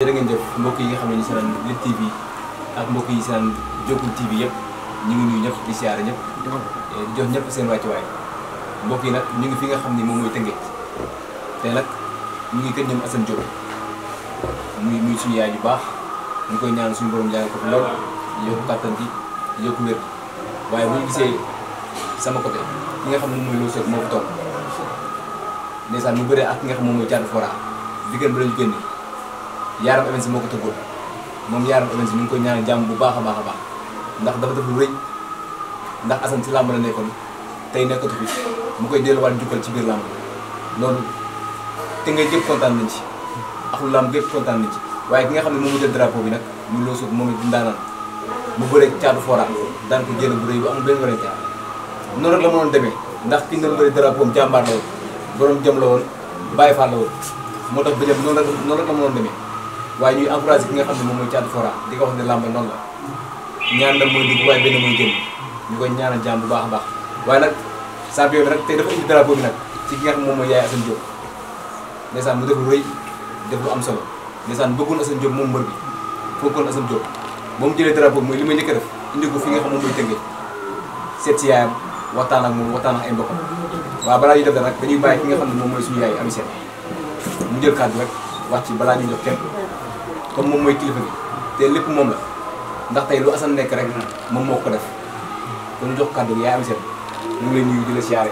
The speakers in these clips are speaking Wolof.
jërë ngeen mbokk yi nga xam ne ñu seetaan Lutte TV ak mbokk yi seetaan yëpp ñu ngi ñëpp di siyaare eh, jox ñëpp seen wàccuwaay mbokk yi nag ñu ngi fi nga xam ni moom mooy Tëngéej te nag ñu ngi kër ñoom Assane Diop muy muy suñu yaay yu baax ñu koy ñaan suñu borom jàng ko fi lool yokku kàttan gi yokku wér waaye bu ñu gisee sama côté ki nga xam ne moom mooy Lo Seck moo fi toog ndeysaan mu bëree ak ki nga xam moom mooy Thiatou Fora diggante ba la ñu génn Yaaram Events moo ko tëggoon moom Yaaram Events ñu ngi koy ñaanal jàmm bu baax a baax a baax ndax dafa def lu rëy ndax Assane si làmb la nekkoon tey nekkatu fi mu koy delluwaat njukkal ci biir làmb loolu te ngay jëpp kontaan nañ ci ak lu làmb gépp kontaan ci waaye ki nga xam ne moom mu jël drapeau bi nag mu loo suuf moom it ndaanaan mu bëree caatu fora daan ko jël bu rëy bu amul benn wérante noonu rek la mënoon demee ndax ki nga bëri drapeau am jàmbaar la jëm la woon bàyyi faa la woon moo tax bi noonu rek waaye ñuy encouragé ki nga xam ne moom mooy Thiatou Fora di ko wax ne làmb noonu la ñaan la mooy dugg waaye benn mooy génn ñu koy ñaanal jàmm bu baax a baax waaye nag champion bi nag tey dafa indi drapeau bi nag ci ki nga xam ne moom mooy Yaye Assane Diop ndeysaan mu def lu rëy def lu am solo ndeysaan moom mbër bi foogoon Assane Diop ba mu jëlee drapeau bi mooy li may njëkk a def indi ko fi nga xam moom mooy tëngee seet si yaayam waxtaan ak moom waxtaan ak ay mbokkam waaw balaa ñuy def da nag ñuy bàyyi ki nga xam ne moom mooy suñu yaay ami Sène mu jël kàddu rek wax ci balaa ñuy jox kenn comme moom mooy kilifa gi te lépp moom la ndax tey lu Assane nekk rek moom moo ko def kon jox kàddu gi yaa am seen ñu ngi lay nuyu di la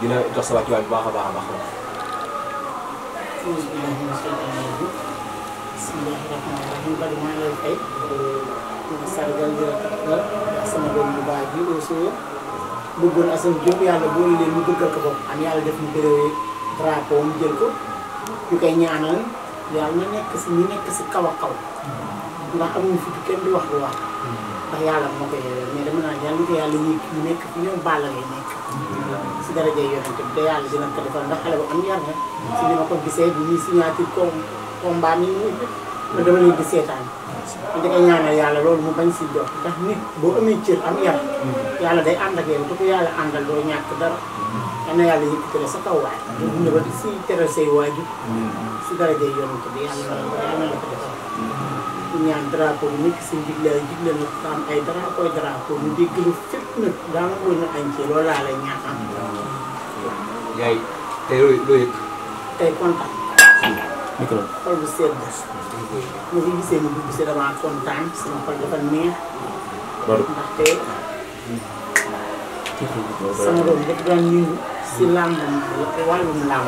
bu baax a baax a baax a baax. bismillaahi rahmaani bari maa ngi lay fay ko ko am yàlla def mu bëree drapeau mu jël ko ñu koy ñaanal. yaa ngi nekk si ñi nekk si kaw a kaw ndax amuñu fi kenn du wax lu wax ndax yàlla moo ko yore mais dama naan yàlla ko yàlla ñuy ñu nekk fi ñoom Balla ngay nekk si daraja yonente bi da yàlla dina ko defal ndax xale bu am yar na si li ma ko gisee bi ñuy signature ko combat ni ñu ma dama leen di seetaan man da ngay ñaanal yàlla loolu mu bañ si jox ndax nit boo amee cër am yar mm-hmm. yàlla day ànd ak yéen te ko yàlla àndal doo ñàkk dara am na yàlla yëkkati la sa kaw waay. ñu mm-hmm. ba si teral say waajur. Mm-hmm. si darajay yonent bi yàlla na yàlla na ko defal. ñu mm-hmm. ñaan drapeau dégg lu fépp nag daanaka mën añ ci loolu laa lay ñaaxal. yaay tey loo tey kontaan. micro xol bu sedd. ñu ngi gisee ñu dugg si dama kontaan sama xol dafa neex. sama doom daf doon si làmb wàllum làmb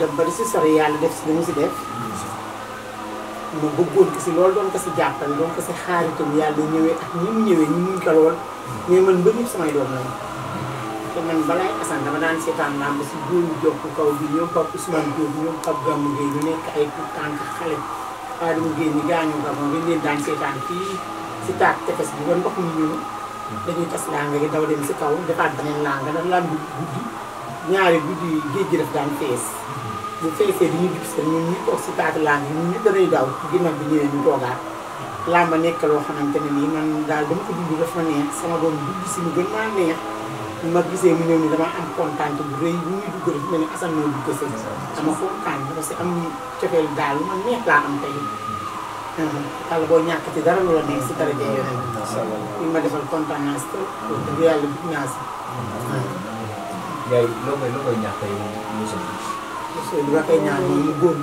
da bari si sori yàlla def si li mu si def mu bëggoon ko si loolu doon ko si jàppale doon ko si xaaritam yàlla ñëwee ak ñi mu ñëwee ñu muñ ko lool mais man ba samay doom lañu te man balaay asan dama daan seetaan làmb si góor jox kaw bi ñoom Pape Ousmane Diop ñoom Pape Gamou Gueye ñu nekk ay tout tànk xale Adama Gueye ñi gaañu nga moom dañ leen daan seetaan fii si taat tefes bi ba ndox mi ñëw dañuy tas langa yi daw dem si kaw defaat beneen langa ndax lan guddi ñaari guddi géej gi daf daan fees bu feesee di ñu gis que ñun ñu toog si taatu langa yi ñun ñu dañuy daw ginnaaw bi ñëwee ñu toogaat lamba nekk loo xamante ne nii man daal dama ko dund dafa neex sama doom dugg si mu gën maa neex ma gisee mu ñëw ni dama am kontaan bu rëy bu muy dugg rek mel ni Assane moo dugg sëñ dama kontaan dafa si am cofeel daal neex laa am tey yàlla boo ñàkk ci dara loola nekk si daraja yonent bi ma defal kontaanaas te dëgg naa si. yaay loo koy loo koy ñaax tey monsieur monsieur li ma koy góor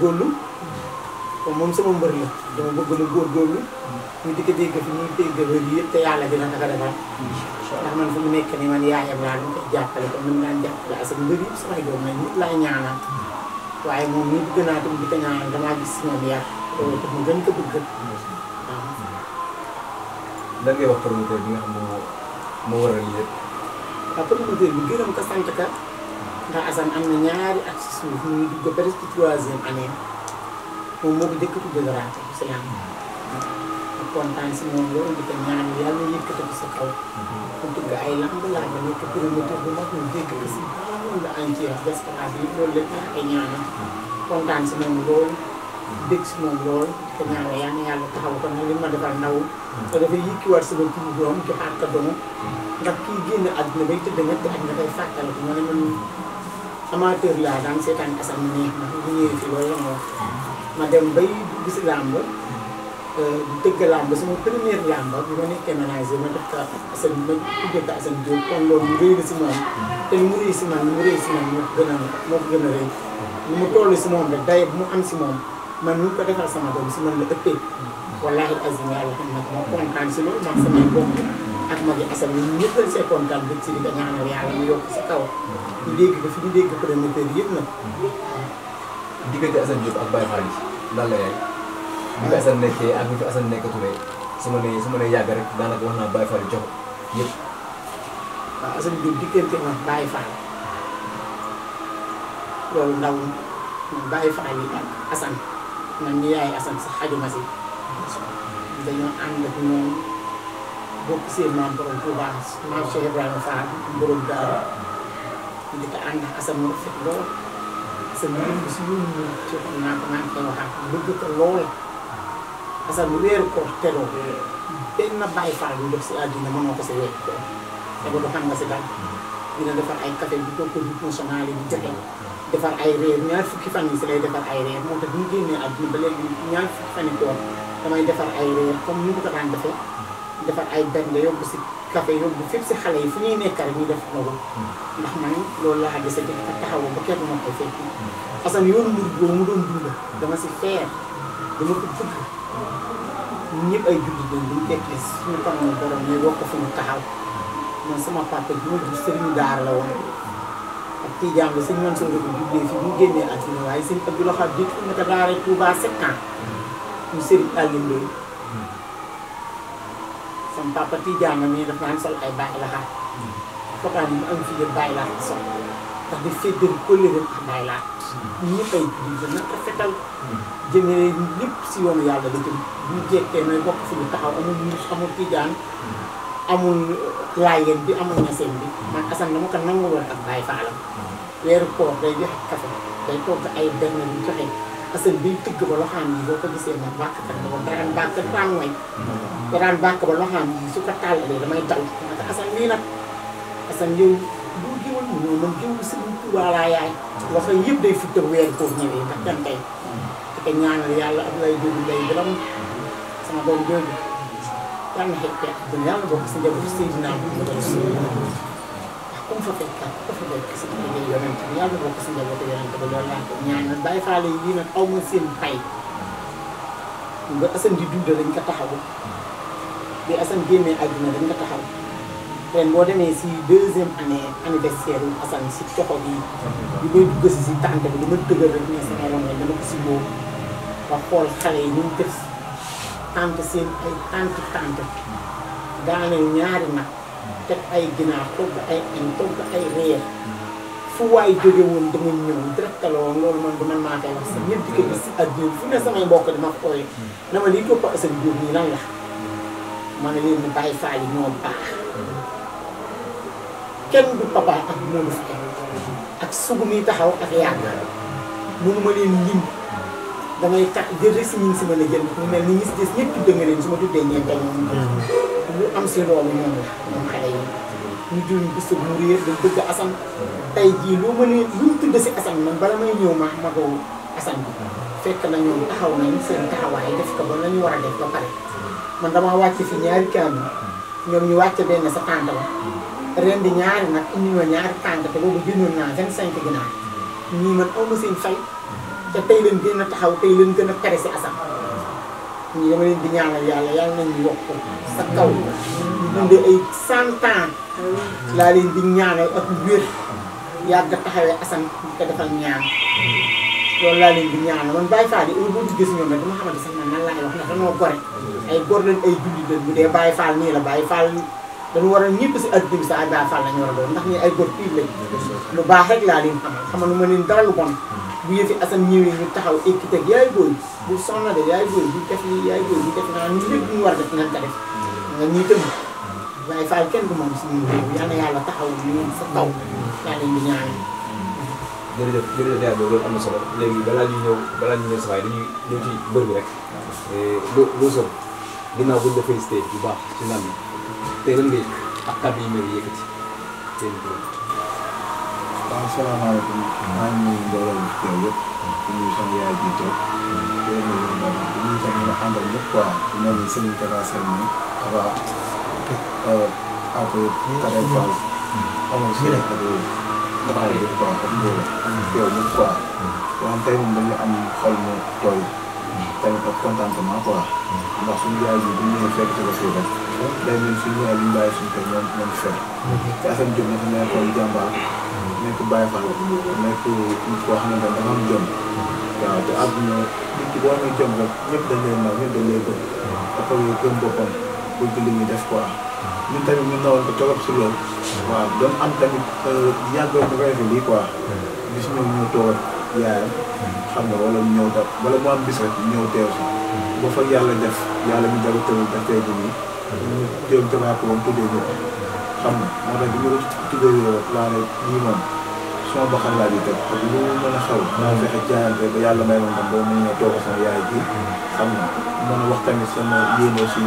mooy mu góorgóorlu di ko dégg fi ñuy dégg wér yëpp te yàlla dina naka defal ndax man fu mu nekk nii man yaayam laa dañ koy jàppale ko mën naa jàppale asam mbër yëpp samay doom lañ nit laay naa tamit di ko ñaanal damaa gis si moom yar mu gën ko ngay wax promoteur bi nga xam ne moo moo waral yëpp. waaw promoteur bi gërëm ko sant ka ndax Assane am na ñaari at si suuf ñu dugg ba presque troisième année a tuddee raadu mu dugg ay lamb laa ba ko si. moom la kontaan si moom loolu. dégg si moom lool te ñaanal yàlla na yàlla taxaw ko nag li ma defal naw te dafay yëkkiwaat sama turu doom kii génn mu neex ma la ma wax ma dem bay gis làmb euh, mu réy na si moom moo gën a moo ko a réy mu toll si moom rek bu mu am si moom man ñu ko defal sama doom si man la ëppee wallaahi azim yàlla moo kontaan si loolu ndax samay bokk ak mag yi asam yi ñëpp dañ see kontaan bëgg si di ko yokk si kaw ñu dégg ba fi dégg promoteur yëpp nag diggante Assane Diop ak Baye yi lan la yaay bi fi nekkee ak bi fi Assane nekkatulee su ma nee su ma nee yàgg rek daanaka wax naa Baye jox yëpp waaw Assane diggante ma Baye loolu ndaw Baye yi ak Assane man mi yaay Assane sax xajuma si dañoo ànd ak moom bokk seen maam maam Cheikh Ibrahima Fall borom Daara di ko mu ngi si yónni ñu ci wax naa ko maa ngi koy waxaat bëgg ko lool Assane weeru ko teroo mm. benn Baye Fall bu jox si ko si weer te ba xam nga si dara. dina defar ay café bu toog ko bu defar ay reer ñaar fukki fan yi si lay defar ay reer moo tax ñu génnee àdduna ba léegi ñaar fukki fan yi toog damay defar ay reer comme ni mu ko daan defee defar benn yóbbu si café yóbbu fépp si xale yi fu ñuy nekkal ñu def loolu ndax man loolu laa gis a jëf ak taxawoo ba kenn moo koy fekk parce que yoonu mbir boobu mu doon dund dama si feer dama ko bëgg ñëpp ay jullit lañ duñ tekkee suñu kanam borom ñu wax ko fu ñu taxaw man sama papa bi ma jur sëriñu daara la woon ak Tijaan la sëñ Mansour la ko juddee fi mu génnee àdduna waaye sëñ Abdou Lahad jiitu na ko daara Touba sept ans ñu sëriñ Aliou Ndoye sama papa Tijaan la mais dafa ay Baay Lahat fokaan yi mu am fii yëpp sol ndax di féddal kóllëre ak Baay Lahat ñun ñëpp ay jullit si yoonu yàlla la jëm bu ñu jekkee nooy bokk fi ñu taxaw amul muus amul Tijaan amul laayeen bi amul ñaseen bi man Assane dama ko nangu woon ak Baye Fallam weeru koor day joxe café day togg ay benn yu joxe Assane day tëgg ba loxaam yi boo ko gisee na bàkk kat la woon daraan bàkk ba loxaam yi su ko tàllalee damay dal ma ko Assane lii nag Assane yow boo géwal mu ñëw man géwal Sëriñ Tuubaa laa loxo yëpp day futtal weeru koor ñëwee ndax dem tey te ñaanal yàlla am lay jógu sama doom jooju yàlla na xëy na kon yàlla bokk si njabootu Seydina ku mu fa fekk ku fa fekk si liggéey yonent bi yàlla bokk si njabootu yonent ba loolu laa ko ñaanal bàyyi faale yi lii nag aw ma seen pay nga asan di dund dañ ko taxawu bi asan génnee àdduna dañ ko taxaw ren boo demee si deuxième année anniversaire yu si coxo bi li may dugg si si si meloon rek dama ko si boobu ba xool xale yi ñu ngi tànk seen ay tànk tànk daane ñaari nag teg ay ginaar togg ay añ togg ay reer fu waay jóge woon dama ñëw loolu man du man maa koy wax sax di ko gis si fu ne samay mbokk dama ko ooyee na ma lii topp Assane leen ni Baye baax kenn du papa ak Modou Faye ak sugu muy taxaw ak yàgg mënu leen lim da ta tax jël risque ñu ngi si mën a jël ñu si des ñëpp tuddee nga leen su ma tuddee ñeent ak mhm. am si loolu ñu jël ñu gis mu réer jii lu ma nee lu si asam man bala may ñëw ma magoo asam bi fekk nañu ñoom taxaw nañ seen taxawaay def ko ba la ñu war a def ba pare. damaa wàcc fi ñaari kàddu ñoom ñu wàcc benn sa tànt la ren di ñaari nag indi te boobu bindoon naa 25 ginaar man aw seen fay. te tey leen gën a taxaw tey leen gën a pressé asam ñu dama leen di ñaanal yàlla yàlla nañu yokk sa kaw ñu dundee ay cent ans laa leen di ñaanal ak wér yàgg taxawee asam di ko defal ñaan loolu laa leen di ñaanal man Baye Fall yi heure boo duggee si ñoom rek gore ay góor lañ ay jullit bu dee Baye Fall nii la Baye Fall dañu war a ñëpp si adduna bi sa ay Baye Fall lañu war a doon ndax ñii ay góor pire lañ lu baax rek laa leen xamal xamal lu ma leen dara bon bu yëfi Assane ñëwee ñu taxaw équité ak yaay booy bu soxna de yaay booy bu def li yaay booy bu def naa ñu lépp ñu war def nañ ko def nga ñuy tënk waaye Fall kenn du moom suñu réew yal na yàlla taxaw ñoom sa taw yaa leen di ñaan jërëjëf jërëjëf yaay boobu léegi balaa ñuy ñëw balaa ñuy ñëw sa waay dañuy ñëw ci mbër bi rek eh, loo loo soog ginnaaw buñ la félicité bu baax ci ndam bi tey lan nga ak kàddu yi nga yëkkati seen asalaamaaleykum. maa ngi nuyu mbooloo mi teew yëpp. di nuyu yaay ji toog. di leen nuyu ñu doon di nuyu tamit ñu àndal ñëpp quoi. di si rek ak yooyu. dafa am yëpp quoi comme loolu. teew ñëpp quoi. waaw tey moom dañu am xol mu tooy. tamit ak yaay fekk ci si rek. day mel yaay bi ñu bàyyi suñu kër ñoom ñoom fekk. te Assane Diop dafa nekkoon jàmbaar. nekk Baye Fall nekk koo xam ne da nga am jom waaw te àdduna nit ki boo amee jom rek ñëpp li muy def quoi ñun tamit ñu nawoon ko torop si loolu waaw doon am tamit euh, yàggal mu koy fi lii quoi gis ñëw ñëw toog yaayam xam nga wala ñëw dab wala mu am bis rek ñëw teew si ba fa yàlla def yàlla ñu jaru tamit daf tey bi nii ñu jëm tamit ak moom tuddee ñu xam moo tax bi ñu tuddee laa ne lii moom suma baxal laa ji teg ak lu mën a xew maa fexe jaayante ba yàlla may moom tam boo mën ne toog sama xam na mën a wax tamit sama yéene si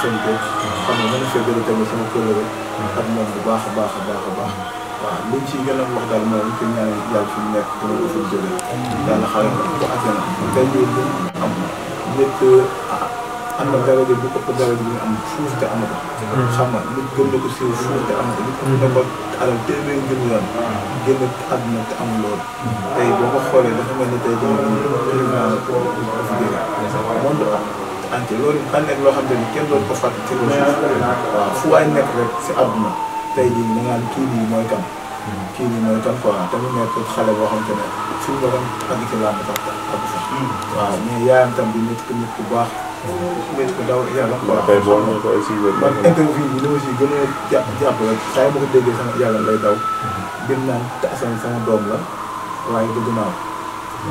seen kër xam na mën a fekkale tamit sama kër ak moom bu baax a baax a baax a baax waaw liñ ci gën a wax daal mooy que ñaan yàlla fi mu nekk dina ko fa jëlee yàlla xaaral ko àjjana am na daraja bu ëpp daraja bi nga am fuuf te amatu. Mm. xam nga nit gëm na ko siiw fuuf te amatu. na ko mm. alal téeméer gën yoon. te boo ko xoolee dafa mel ni tey jii président dafa jóge. monde entier loo xam ne kenn doon ko fàtte ci loolu. waaw fu si àdduna. tey jii da ngaa kii nii mooy kan. kii nii mooy te mu nekk xale boo ne fi mu doon àgg mm. yaayam tam bi nit ku nit baax. mais ku daw yàlla. waaw kay boo ñu ko aussi. man interview bi li ma si gën a jàpp jàpp rek saa yi ma ko déggee sama yàlla lay daw. dem naan te Assane sama doom la waaye bëgg naa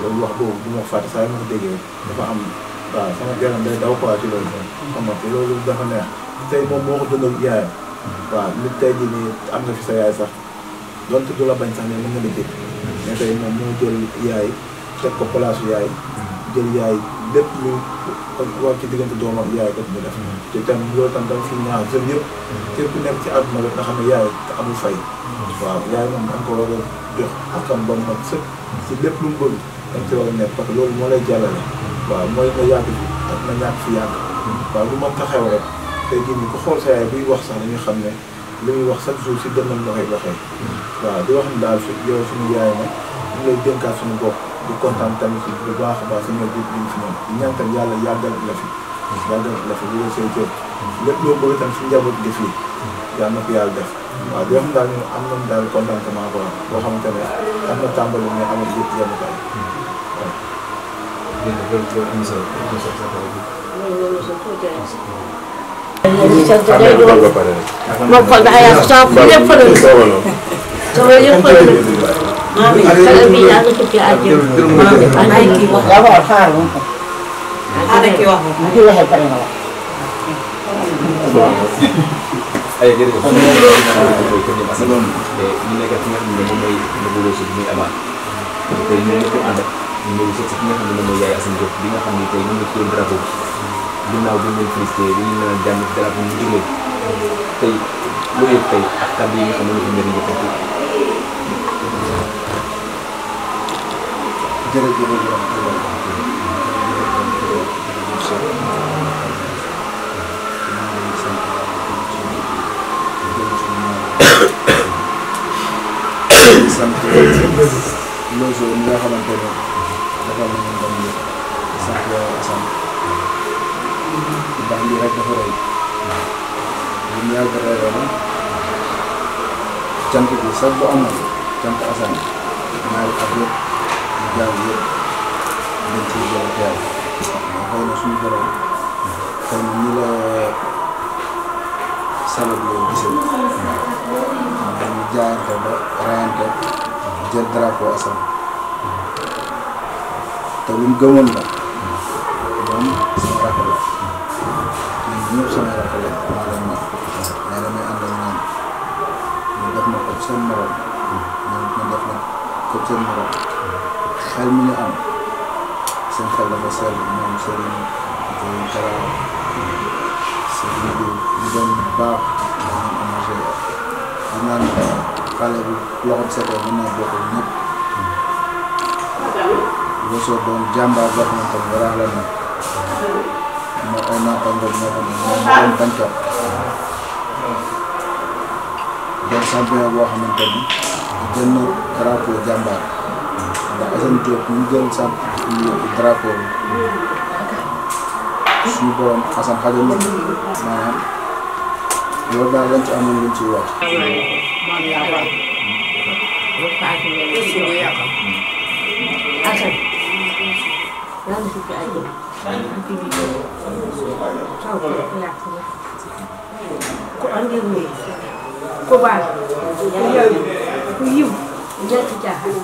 loolu wax boobu bu ma fàtte saa yi ma ko déggee dafa am waaw sama yàlla lay daw quoi ci loolu. xam nga te loolu dafa neex. tey moom moo ko dundal yaayam. waaw nit tey jii nii am na fi sa yaay sax donte du la bañ sax ne mën nga di dégg. mais tey moom moo jël yaay teg ko place yaay. jël yaay lépp lu war ci diggante doomam yaay daf ñu def te tam loolu tam dama fi ñaan jeunes yëpp képp ku nekk ci àdduna rek nga xam ne yaay te waaw yaay moom danga ko war a lépp lu mu bëgg danga ci war a loolu moo lay jàllale waaw mooy nga yàgg fi ak nga ñàkk fi yàgg waaw lu mën ta xew rek tey jii nii ku xool sa yaay buy wax sax dañuy xam ne li muy wax chaque jour si dënnam la koy waxee waaw di wax ne daal fi yow suñu yaay nag ñu lay dénkaat suñu bopp di kontaan tamit bu baax a baax si ñoom ñëpp ñu ngi fi ñoom di ñaan tam yàlla la fi. yàggal la fi wéyal say jot. lépp loo bëgg tam suñu njaboot def lii. yàlla na ko def. waaw di wax daal am na tàmbali mais amul yëpp yenn kaay. waaw. jërëjëf loolu loolu am na na solo. loolu loolu sax foo jaayee si. am na solo ba pare rek. ay jërëjëf ñu nekkal fi nga xam ne moom mooy Ndongo Lo Show bi muy amaat tey ñu nekk ànd ak ñu ñëw si fi nga xam ne moom mooy Yaye Assane Diop bi nga xam ne tey ñu ngi tudd drapeau bi ginnaaw bi ñu leen félicité bi ñu leen jàmm drapeau mu jógee tey lu yëg tey ak kàddu yi nga xam ne ñu jërëjëf sant loolu yi nga xamante ne dafa am lu mu doon sant yàlla ak sant ndax lii rek dafa rëy bu ñu yàgg reyoon cant bi sax bu amoon cant Assane ñaari at yëpp jaaw yëpp dañ ciy jël teew mais xëy na suñu borom xëy na ñu la sabab loo gisal ñu jaayante ba rayante jël drapeau te lu mu gëmoon la moom sama rakk la ñun la maa leen mag mais damay ànd ak ñoom ñu def seen morom ñu def ma ko seen morom xel mi nga am seen xel dafa sell ñoom sëriñ Abdou Kara sëriñ bi ñu doon baax dañuy émergé xam naa ne xale bu loxoom setoo mën naa bokk ñëpp Bousso doon jàmbaar boo xamante ni waraax la ñu moo xam ne moom moo doon bañkat doon champion boo xamante ni gën na drapeau jàmbaar. Assane Diop ñu jël sa drapeau bi suñu borom Assane xajal na ko maanaam loolu daal lañ ci amoon luñ ci wax. ku andil nii ku baax ku yiw ñetti caaxaan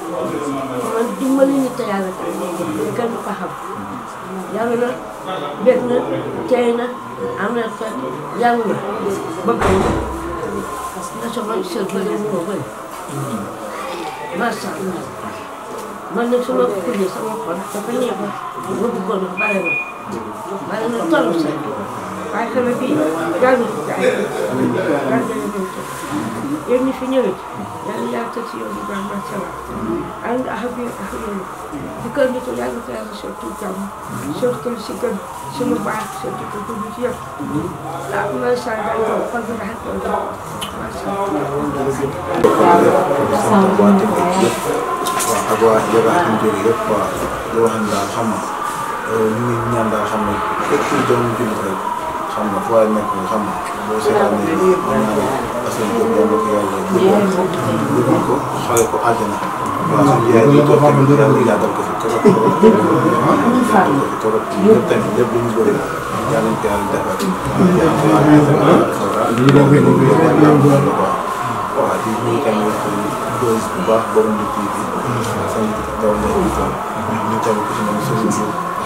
man dimbali nit te yàlla tax kenn du ko xam yàlla na bég na tey am na fa yàlla na bëgg na parce na soxla sër bëri moo dafa neex ma bëggoon na bare na na torop sax waaye xale bi gàllankoor yow mi fi ñëwee yàlla yàlla teg si yow di baax macha allah ànd ak ak yéen ak yéen bu kër gi tey yàlla teel a surtout jàmm surtout si gën suñu baax surtout ko dugg ci yëpp ah macha allah yow xol bi daal loolu macha allah. sant bu baax waaw ak waa Jokalante ñu jógee yëpp waaw di wax ne daal xam nga ñu ngi ñaan daal xam nga képp kuy doomu jullit rek xam nga fu waay nekk xam nga boo seetaan ne seen doom yàlla ko yàlla jëloon jëloon ko xale ko àjjana. waaw suñu yaay bi toog tamit yàlla yàggal ko fi trop trop. yàggal ko fi trop ñëpp tamit lépp lu ñu bëri yàlla ko yàlla defal. yàlla ko yàlla di nuyu bu baax ci mel suñu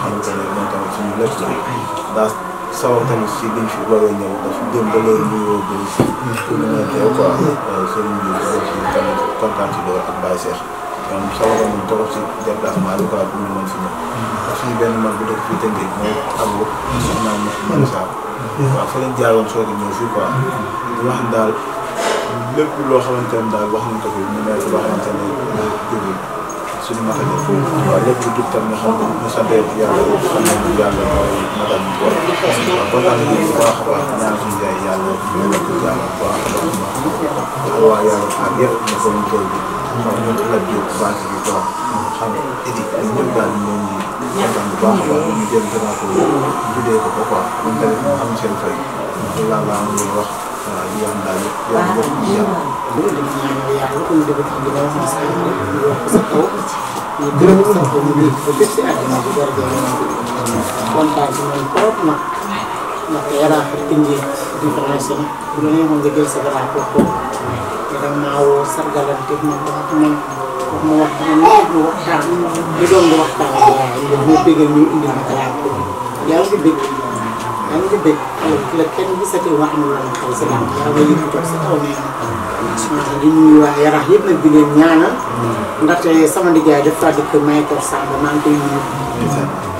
xam nga ne moom tamit suñu sawar tamit si liñ fi war a ñëw ndax démb ba léegi woo bëri si. ñu ngi teew quoi. sëriñ bi aussi tamit kontaan si ak Baye Cheikh. si déplacement mm-hmm. benn mag bu fii Tëngéej mooy Abou. soxna am na fi mën a ñëw fii mm-hmm. di wax daal lépp loo xamante ne daal wax nañ ko fi mu nekk loo xamante ne. suñu matal yi waaw lépp lu jub tam ñu xam ñu sant yàlla xam nañ ni yàlla mooy matal ñu boole kontaan nañu bu baax a baax ñaan suñu jaay yàlla ñu nekk yàlla bu baax a baax waa yàlla ak yëpp ñu ko ñu koy bi xam ñu la jóg bànq bi toog xam ne idi ñëpp daal ñu leen di bu baax a baax ñu jël dama ko tuddee ko ko quoi ñun tamit am seen fay laa laa ñu wax waaw ñu yàlla daal yëpp yàlla bokk ñu yàlla ñu ngi ñaanal yàlla comme li nga wax na sànq rek ñu wax ko sa kaw ñu gërëm sa kaw ñu wér ba bépp si àddina bi door a kontaan ci moom trop nag ndax yaraax ak tënkee différence la bu la neexoon nga jël sa garab kooku te danga maa woo sargalante moom wax ak man wax ma wax ma ñëw ñu waxtaan ñu doon lu waxtaan ak yaay yi ñu déggal ñu indi ma garab kooku yaa ngi dégg yaa ngi dégg xale bi la kenn gisati wax ñu la xel si daal yaa ngi yëkkatoo sa kaw nee na li ñuy wax yarax yëpp nag di leen ñaanal. Mm. ndaxte sama nijaay daf fàttali ko Maykor Samb maa ngi koy nuyu.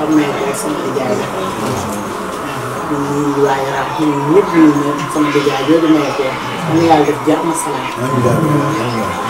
ak Maykor sama nijaay la. waaw ñu ngi waa yarax ñu ñëpp ñu ngi sama nijaay yooyu di Maykor. am na yàlla def jàmm salaam.